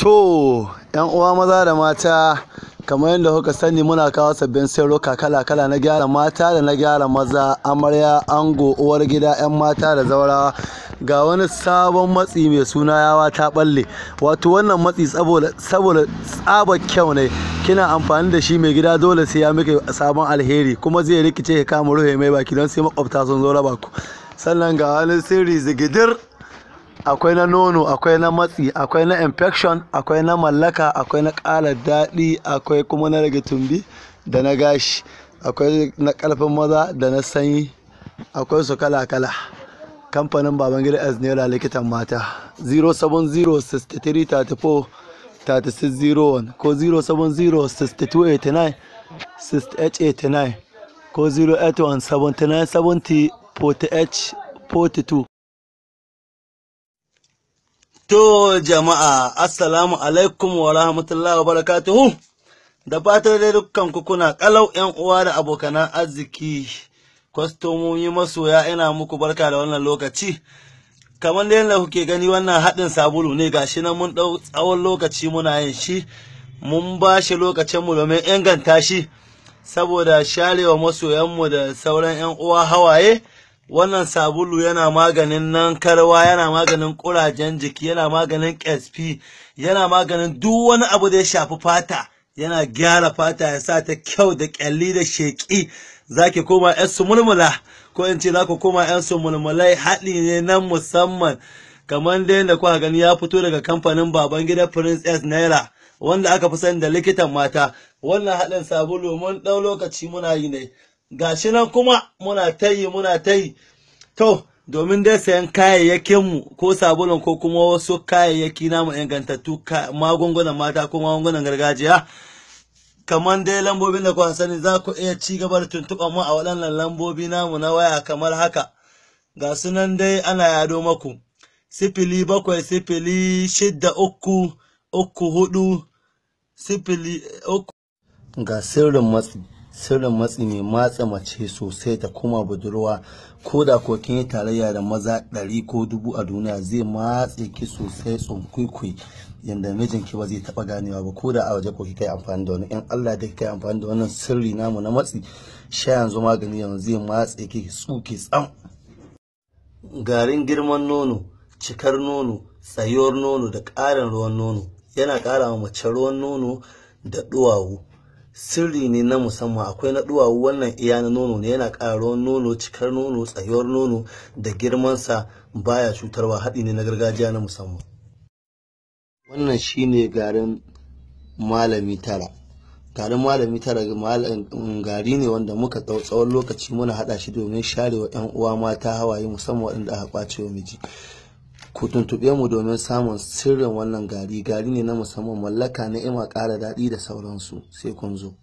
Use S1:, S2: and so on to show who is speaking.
S1: To, ‘yan uwa maza da mata, kamar yadda kuka sani muna kawo sabbin sayarwa kala-kala na gyara mata da na gyara maza, amarya, ango, uwar gida, ‘yan mata da zaurawa. Ga wani sabon matsi mai suna yawa ta balle. Wato wannan matsi saboda tsaba kyau ne, kina amfani da shi mai gida dole sai ya muke sabon alheri, kuma zai rikice ka kama ruhe mai baki don sai makwabta sun zo raba ku. Sannan ga wani sirri zigidir. akwai na nono akwai na matsi akwai na infection akwai na mallaka akwai na ƙara daɗi akwai kuma na rage tumbi da na gashi akwai na ƙarfin maza da na sanyi akwai su kala-kala kamfanin babangida aznera likitan mata 070-6334-3601 ko 070-6289-6889 ko 081 7970 42 To jama'a, Assalamu alaikum wa rahmatullahi wa barakatuhu, da fatar dai dukkan ku kuna kalau ‘yan uwa da abokanan arziki, kwastomomi masoya ina muku barka da wannan lokaci. Kamar da yadda kuke gani wannan haɗin sabulu ne gashi nan mun ɗau tsawon lokaci muna yin shi, mun ba shi mu domin inganta shi, saboda sharewa masoyanmu da sauran ‘yan uwa hawaye. wannan sabulu yana maganin nan karwa yana maganin ƙurajen jiki yana maganin ƙesfi yana maganin duk wani abu da ya shafi fata yana gyara fata ya sa ta kyau da ƙyalli da sheƙi za ki koma yan su mulmula ko in ce za ku koma yan su mulmulai haɗi ne nan musamman kamar dai da kuka gani ya fito daga kamfanin baban gida prince s naira wanda aka fi sani da likitan mata wannan haɗin sabulu mun ɗau lokaci muna yi ne shi nan kuma muna ta yi muna ta yi to domin dai sayan kayayyakinmu ko sabulun ko kuma wasu kayayyaki namu ingantattu magungunan mata ko magungunan gargajiya kamar dai lambobin da kuka sani za ku iya ci gaba da tuntuɓa mu a waɗannan lambobi namu na waya kamar haka ga sunan dai ana yado maku sifili bakwai sifili shidda uku uku hudu sifili uku ga sirrin matsi sirrin matsi ne matsa mace sosai ta kuma budurwa ko da ko kin yi tarayya da maza ɗari ko dubu a duniya zai matse ki sosai tsunkwikwi yanda mijinki ba zai taɓa ganewa ba ko da a waje ko kika yi amfani da wani in Allah da kika yi amfani da wannan sirri namu na matsi sha yanzu magani yanzu zai matse ki tsuke tsam garin girman nono cikar nono tsayuwar nono da ƙarin ruwan nono yana ƙara wa mace ruwan nono da ɗuwawu sirri ne na musamman akwai na duwawu wannan iya na nono ne yana ƙara nono cikar nono tsayuwar nono da girmansa baya cutarwa haɗi ne na gargajiya na musamman wannan shine garin malami tara garin malami tara mm, gari ne wanda muka tsawon lokaci muna haɗa shi domin sharewa 'yan uwa mata hawaye musamman waɗanda aka kwace wa miji ku tuntuɓe mu domin samun sirrin wannan gari gari ne na musamman mallaka ni'ima ƙara daɗi da sauransu sai kun zo